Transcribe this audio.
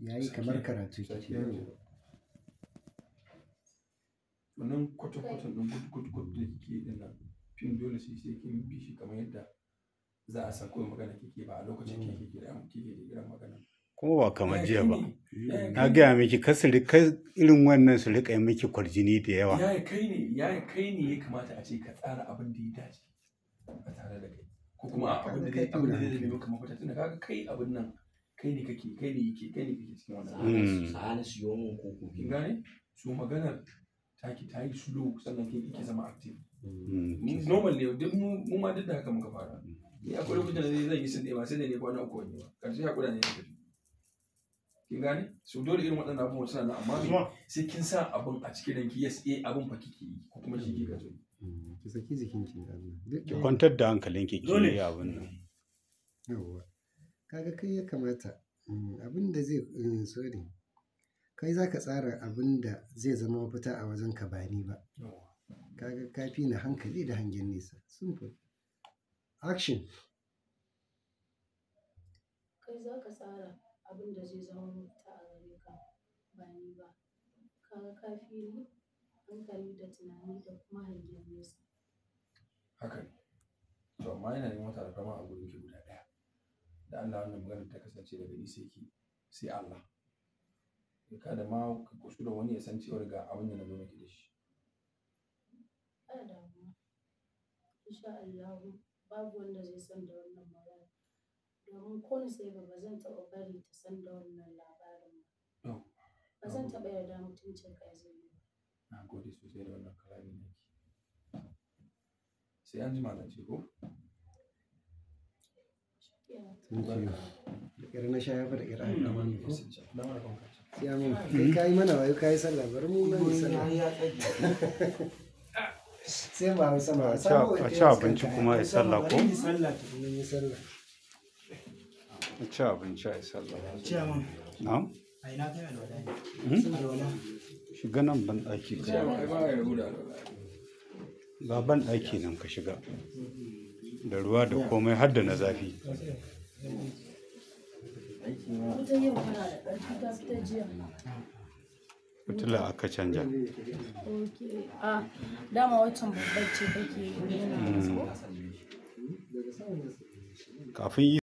ya yi kamar karatu wannan kwata-kwata ɗin kwata-kwata da kike ɗin nan fim dole sai sai kin bi shi kamar yadda za a san kawai magana kike ba a lokacin kike kira kike kira magana kuma ba kamar eh, jiya ba eh, na gaya miki kasiri irin wannan su rika miki kwarjini da yawa yayi kai ne yayi kai ne ya kamata a ce ka tsara abin da ya dace a tare da kai ko kuma abin da zai abin da zai zama kamar kwata tunda kaga kai abin nan kai ne kake kai ne yake kai ne kake cikin wannan sahana su yi wannan koko kin gane so maganar taki ta yi slow sannan kai kike zama active mm. normal ne duk mu ma duk da haka muka fara ni akwai mm. lokacin da zan yi sun ɗaya ba sai da ne kwana uku wani ba karshe ya kuɗa ne ya tafi kin gane so dole irin waɗannan abubuwan suna nan amma sai kin sa abin a cikin ranki yes eh abin fa kike yi ko kuma shi ke zo mm. ki saki jikin ki da Allah ki kwantar da hankalinki ki yi abin nan yawa Kaga kai ya kamata, mm, abin da zai, eh, sorry, kai za ka tsara abin da zai zama mafita a wajenka ba ni ba. Kaga ka na hankali da hangen nesa. Simple. Action. Kai za ka tsara abin da zai zama mafita a gare ka ba ni ba. Kaga ka fi hankali da tunani da kuma hangen nesa. Haka To amma yana neman wata alfarma a gurin da Allah wannan magana ta kasance daga ni sai ki sai Allah kada ma ka kushu da wani ya san cewar ga abin da na zo miki da shi insha Allah babu wanda zai san da wannan magana domin ko ni sai ba zan taɓa bari ta san da wannan labarin ba ba zan taɓa yarda mutuncin ka zai yi na gode sosai da wannan kalamin naki sai an ji malam ce ko a ci abinci kuma ya sallah ko a ci abinci a sallah na'am hmm? shiga nan ban ɗaki ka ba ban ɗaki nan ka shiga hmm. da ruwa da komai har da na zafi fitila aka canja ah, dama watan babbar ce kake hmm. kafin yi